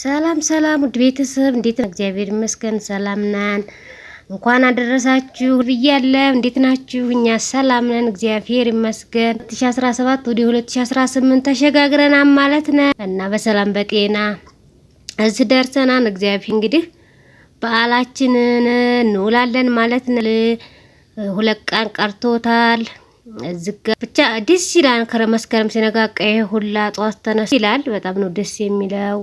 ሰላም ሰላም፣ ውድ ቤተሰብ እንዴት ነው? እግዚአብሔር ይመስገን ሰላም ነን። እንኳን አደረሳችሁ ብያለሁ። እንዴት ናችሁ? እኛ ሰላም ነን፣ እግዚአብሔር ይመስገን። 2017 ወደ 2018 ተሸጋግረናል ማለት ነው እና በሰላም በጤና እዚህ ደርሰናል። እግዚአብሔር እንግዲህ በዓላችንን እንውላለን ማለት ነው። ሁለት ቀን ቀርቶታል። እዚጋ ብቻ ደስ ይላል። ከረመስከረም ሲነጋቀ ሁላ ጠዋት ተነስ ይላል። በጣም ነው ደስ የሚለው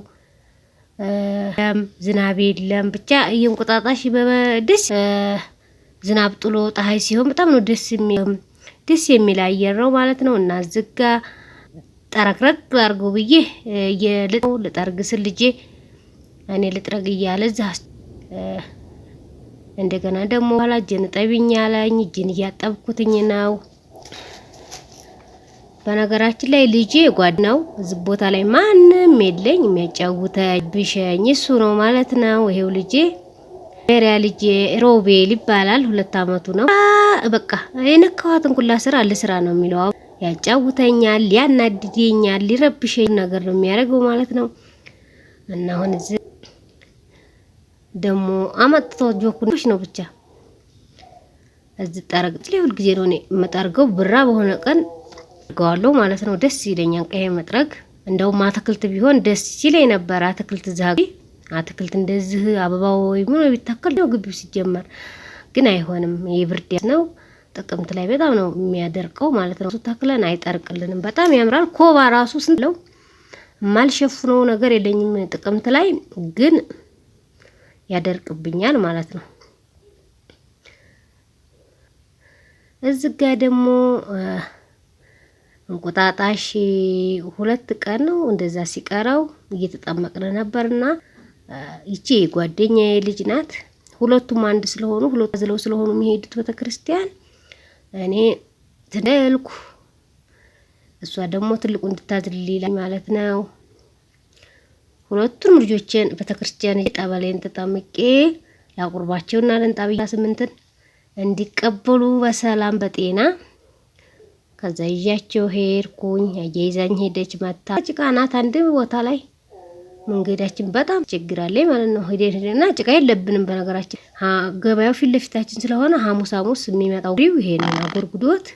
ዝናብ የለም ብቻ እየንቆጣጣሽ በደስ ዝናብ ጥሎ ፀሐይ ሲሆን በጣም ነው ደስ የሚል ደስ የሚል አየር ነው ማለት ነው። እና ዝጋ ጠረቅረቅ ላርገው ብዬ ልጠርግ ስል ልጄ እኔ ልጥረግ እያለ እዛ እንደገና ደግሞ ኋላ እጄን ጠቢኝ አለኝ። እጄን እያጠብኩትኝ ነው። በነገራችን ላይ ልጄ ጓድ ነው። እዚህ ቦታ ላይ ማንም የለኝ የሚያጫውተ ብሸኝ እሱ ነው ማለት ነው። ይሄው ልጄ ሜሪያ ልጄ ሮቤል ይባላል። ሁለት አመቱ ነው። በቃ የነካዋትን ኩላ ስራ ልስራ ነው የሚለው። ያጫውተኛል፣ ያናድደኛል፣ ሊረብሸኝ ነገር ነው የሚያደርገው ማለት ነው። እና አሁን እዚ ደግሞ አመጥቶ ጆኩች ነው ብቻ እዚ ጠረግ ሁልጊዜ ነው እኔ ብራ በሆነ ቀን አድርገዋለሁ ማለት ነው። ደስ ይለኛል ቀይ መጥረግ። እንደውም አትክልት ቢሆን ደስ ይለኝ ነበር። አትክልት ዛ አትክልት እንደዚህ አበባ ወይ ምን ቢታከል ነው ግቢው ሲጀመር፣ ግን አይሆንም። የብርድ ነው። ጥቅምት ላይ በጣም ነው የሚያደርቀው ማለት ነው። ተክለን አይጠርቅልንም። በጣም ያምራል። ኮባ ራሱ ስንለው የማልሸፍነው ነገር የለኝም። ጥቅምት ላይ ግን ያደርቅብኛል ማለት ነው። እዚህ ጋ ደግሞ እንቁጣጣሽ ሁለት ቀን ነው እንደዛ ሲቀረው እየተጠመቅን ነበርና ይቺ የጓደኛዬ ልጅ ናት። ሁለቱም አንድ ስለሆኑ ሁለቱ አዝለው ስለሆኑ የሚሄዱት ቤተክርስቲያን እኔ ትደልኩ እሷ ደግሞ ትልቁ እንድታዝልልኝ ማለት ነው። ሁለቱን ልጆቼን ቤተክርስቲያን ጠበሌን ተጠምቄ ላቁርባቸውና ለንጣብያ ስምንትን እንዲቀበሉ በሰላም በጤና ከዛ ይዣቸው ሄድኩኝ። አያይዛኝ ሄደች መታ ጭቃ ናት አንድ ቦታ ላይ መንገዳችን በጣም ችግር አለ ማለት ነው። ሄደን ሄደና ጭቃ የለብንም በነገራችን ገበያው ፊት ለፊታችን ስለሆነ ሐሙስ ሐሙስ የሚመጣው ሪው ይሄን አጎርጉዶት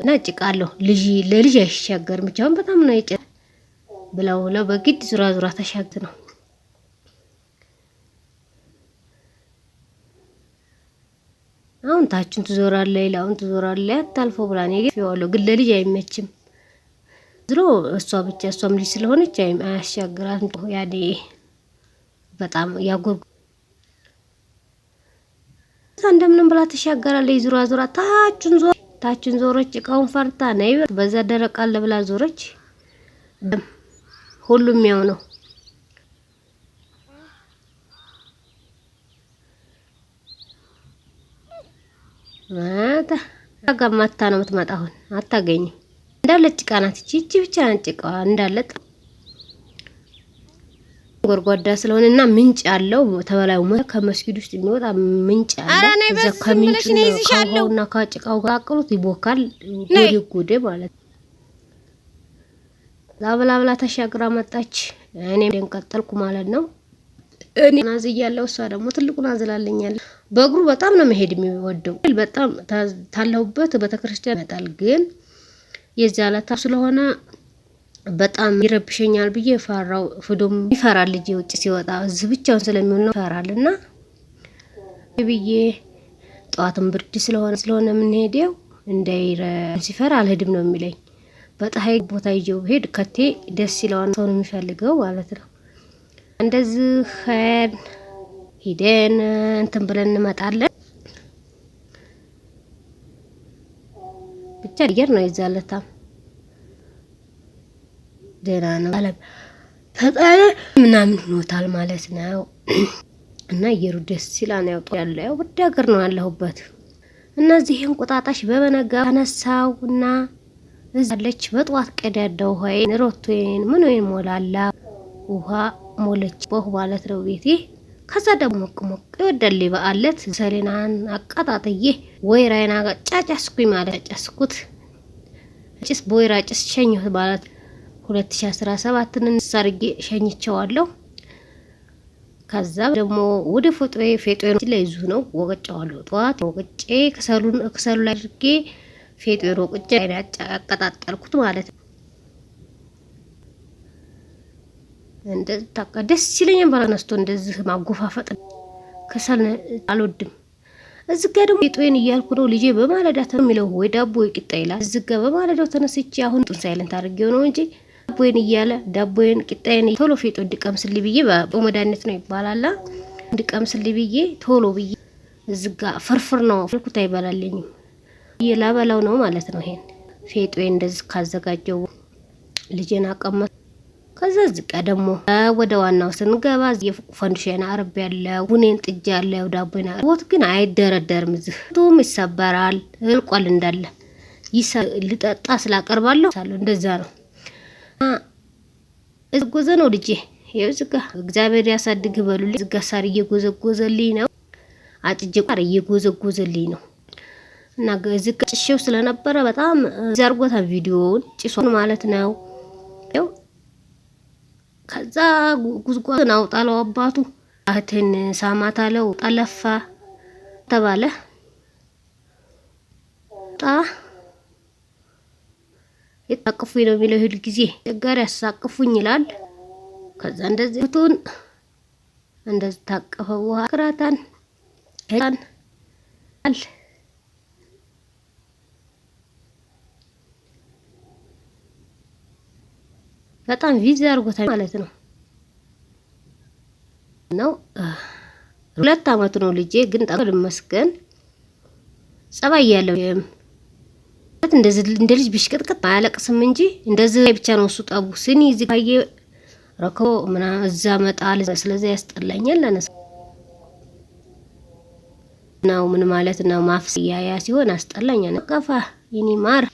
እና ጭቃ አለሁ ልጅ ለልጅ አይሻገርም ብቻውን በጣም ነው የጨ ብለው ብለው በግድ ዙራ ዙራ ተሻግት ነው አሁን ታችን ትዞራለ፣ ሌላውን ትዞራለ፣ አታልፎ ብላ እኔ ዋለሁ ግን ለልጅ አይመችም። ዝሮ እሷ ብቻ እሷም ልጅ ስለሆነች አያሻግራት። ያኔ በጣም ያጎር እንደምንም ብላ ትሻገራለች። ዙራ ዙራ ታችን ዞ ታችን ዞረች። እቃውን ፈርታ ነይ በዛ ደረቃለ ብላ ዞረች። ሁሉም ያው ነው። ማታ ጋር ማታ ነው የምትመጣው። አታገኝም። እንዳለ ጭቃ ናት እቺ እቺ ብቻ ናት ጭቃ እንዳለ ጎርጓዳ ስለሆነ እና ምንጭ ያለው ተበላዩ ከመስጊድ ውስጥ የሚወጣ ምንጭ ያለው ከምንጭና ከጭቃው ጋር ይቦካል። ጎዴ ጎዴ ማለት ነው። ተሻግራ መጣች። እኔ ደንቀጠልኩ ማለት ነው። እኔ ናዝ እያለሁ እሷ ደግሞ ትልቁን አዝላለኛለች። በእግሩ በጣም ነው መሄድ የሚወደው። በጣም ታለሁበት ቤተክርስቲያን ይመጣል። ግን የዚያ ለታ ስለሆነ በጣም ይረብሸኛል ብዬ ፈራው። ፍዶም ይፈራል ልጅ ውጭ ሲወጣ እዚህ ብቻውን ስለሚሆን ነው ይፈራል። እና ብዬ ጠዋትም ብርድ ስለሆነ ስለሆነ የምንሄደው እንደይረ ሲፈራ አልሄድም ነው የሚለኝ። በፀሐይ ቦታ ይዤው ብሄድ ከቴ ደስ ይለዋል። ሰው ነው የሚፈልገው ማለት ነው እንደዚህ ሂደን እንትን ብለን እንመጣለን። ብቻ አየር ነው ይዛለታ ደህና ነው አለ ፈጣሪ ምናምን ሆኖታል ማለት ነው። እና አየሩ ደስ ይላል። ያው ያለው ወደ ሀገር ነው ያለሁበት እና እዚህን ቁጣጣሽ በበነጋ ተነሳው እና እዛለች በጠዋት ቀዳዳው ውሃዬን ሮቶዬን ምን ወይን ሞላላ ውሃ ሞለች ቦህ ማለት ነው ቤቴ ከዛ ደግሞ ሞቅ ሞቅ ይወደል በአለት ሰሌናን አቀጣጥዬ ወይራይና ጫጫስኩኝ ማለት ጫጫስኩት ጭስ በወይራ ጭስ ሸኘሁት ማለት አስራ ሰባትን ንሳርጌ ሸኝቸዋለሁ። ከዛ ደግሞ ወደ ፎጦ ፌጦ ላይ ዙ ነው ወቅጨዋለሁ። ጠዋት ወቅጬ ክሰሉ ላይ አድርጌ ፌጦ ወቅጬ አቀጣጠልኩት ማለት ነው። ደስ ይለኛል። ባላነስቶ እንደዚህ ማጎፋፈጥ ከሰል አልወድም። እዚህ ጋ ደግሞ ጦይን እያልኩ ነው ልጄ በማለዳ የሚለው ወይ ዳቦ ወይ ቂጣ ይላል። እዚህ ጋ በማለዳው ተነስቼ አሁን ጡን ሳይለንት አድርጌው ነው እንጂ ዳቦዬን እያለ ዳቦዬን ቂጣዬን ቶሎ ፌጦ እንድቀምስልኝ ብዬ በመድኃኒት ነው ይባላላ እንድቀምስልኝ ብዬ ቶሎ ብዬ እዚህ ጋ ፍርፍር ነው ልኩት አይበላልኝም። እየላበላው ነው ማለት ነው። ይሄን ፌጦዬን እንደዚህ ካዘጋጀው ልጄን አቀመጥ ከዛ ዝቃ ደግሞ ወደ ዋናው ስንገባ የፈንድሻና አረብ ያለው ቡኔን ጥጃ ያለው ዳቦና ቦት ግን አይደረደርም። ዝህ ቱም ይሰበራል። እልቋል እንዳለ ልጠጣ ስላቀርባለሁ ሳለሁ እንደዛ ነው። እዚ ጎዘ ነው ልጄ ይኸው ዝጋ እግዚአብሔር ያሳድግ በሉልኝ። ዝጋ ሳር እየጎዘጎዘልኝ ነው። አጭጄ ቋር እየጎዘጎዘልኝ ነው እና ዝጋ ጭሸው ስለነበረ በጣም ዘርጎታ ቪዲዮውን ጭሶን ማለት ነው። ከዛ ጉዝጓዝን አውጣለው አባቱ እህቴን ሳማት አለው። ጠለፋ ተባለ ጣ የታቀፉኝ ነው የሚለው ሁል ጊዜ ቸገር ያሳቅፉኝ ይላል። ከዛ እንደዚህ እህቱን እንደዚህ ታቀፈ። ውሃ ክራታን ሄዳን በጣም ቪዚ አድርጎታል ማለት ነው ነው ሁለት አመቱ ነው ልጄ ግን ጠቅል መስገን ጸባይ ያለው እንደዚህ እንደ ልጅ ቢሽቅጥቅጥ አያለቅስም እንጂ እንደዚህ ብቻ ነው እሱ ጠቡ ስኒ እዚህ ካየ ረኮ ምና እዛ መጣል ስለዚህ ያስጠላኛል ለነሳ ነው ምን ማለት ነው ማፍስ ማፍስያያ ሲሆን አስጠላኛ ነው ቀፋ ይኒ ማር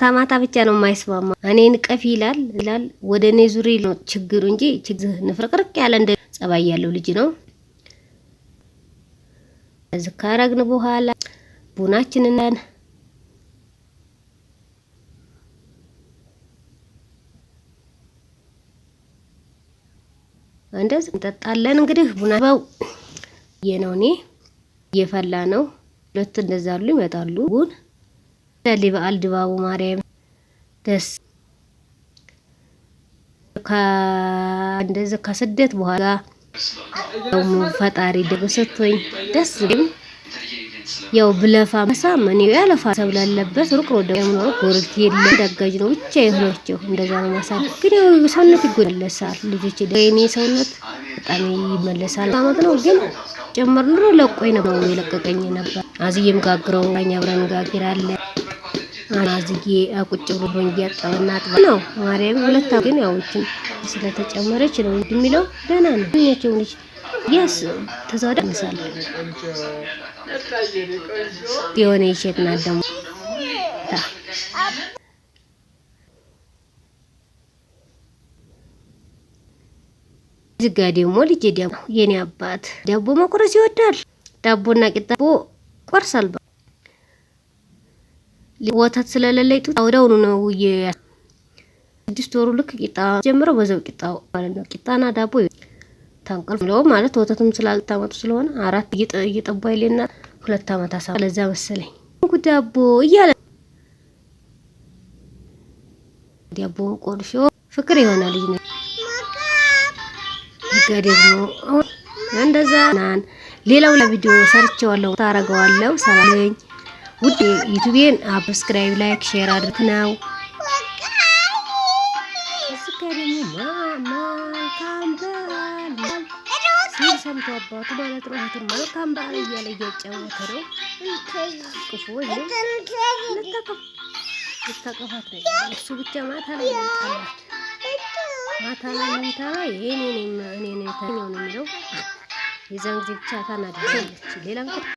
ታማታ ብቻ ነው የማይስማማ። እኔን ቀፊ ይላል ይላል ወደ እኔ ዙሪ ነው ችግሩ እንጂ ችግር ንፍርቅርቅ ያለ እንደ ጸባይ ያለው ልጅ ነው። እዚ ካረግን በኋላ ቡናችንን እንደዚህ እንጠጣለን። እንግዲህ ቡና በው ባው እኔ እየፈላ ነው። ሁለት እንደዛሉ ይመጣሉ ቡን ደሊ በዓል ድባቡ ማርያም ደስ እንደዚህ ከስደት በኋላ ደግሞ ፈጣሪ ደግሞ ሰጥቶኝ ደስ ይልም። ያው ብለፋ መሳመን ያለፋ ሰብ ላለበት ሩቅ ነው ደግሞ ነው ጎረቤት የለ ደጋጅ ነው ብቻ ይሆናቸው እንደዛ ነው ማሳብ ግን ሰውነት ይጎለሳል። ልጆች የኔ ሰውነት በጣም ይመለሳል ማለት ነው። ግን ጨመር ኑሮ ለቆይ ነው የለቀቀኝ ነበር። አዚ የምጋግረው ኛ አብረን ጋግራለ አናዝዬ ቁጭ ብሎ እያጠበና አጥባ ነው ማርያም። ሁለት ግን ያዎችን ስለተጨመረች ነው የሚለው ደህና ነው ኛቸው ልጅ የስ ተዛዳ ምሳል የሆነ ይሸት ናት ደግሞ ዝጋ ደግሞ ልጅ የኔ አባት ዳቦ መቁረስ ይወዳል። ዳቦና ቂጣ ቆርሳል። ወተት ስለሌለኝ ጡት ወደውኑ ነው ውዬ ስድስት ወሩ ልክ ቂጣ ጀምረው በዛው ቂጣ ማለት ነው። ቂጣና ዳቦ ታንቀል ብለው ማለት ወተቱም ስላልታመጡ ስለሆነ አራት እየጠባ ይሌና ሁለት አመት አሳ ለዛ መሰለኝ እንኩ ዳቦ እያለ ዳቦ ቆርሾ ፍቅር የሆነ ልጅ ነው። ጋዴ ነው እንደዛ ናን ሌላው ለቪዲዮ ሰርቼዋለሁ ታረገዋለሁ ሰላለኝ ውድ ዩቱቤን አብስክራይብ፣ ላይክ፣ ሼር አድርግ ነው ሰምቶ አባቱ ማለት ነው። እህቱን መልካም በዓል እያለ እያጫወተ ነው። እሱ ብቻ ማታ ላይ ማታ ላይ እኔ ነው የሚለው የዛን ጊዜ ብቻ ሌላ ምክር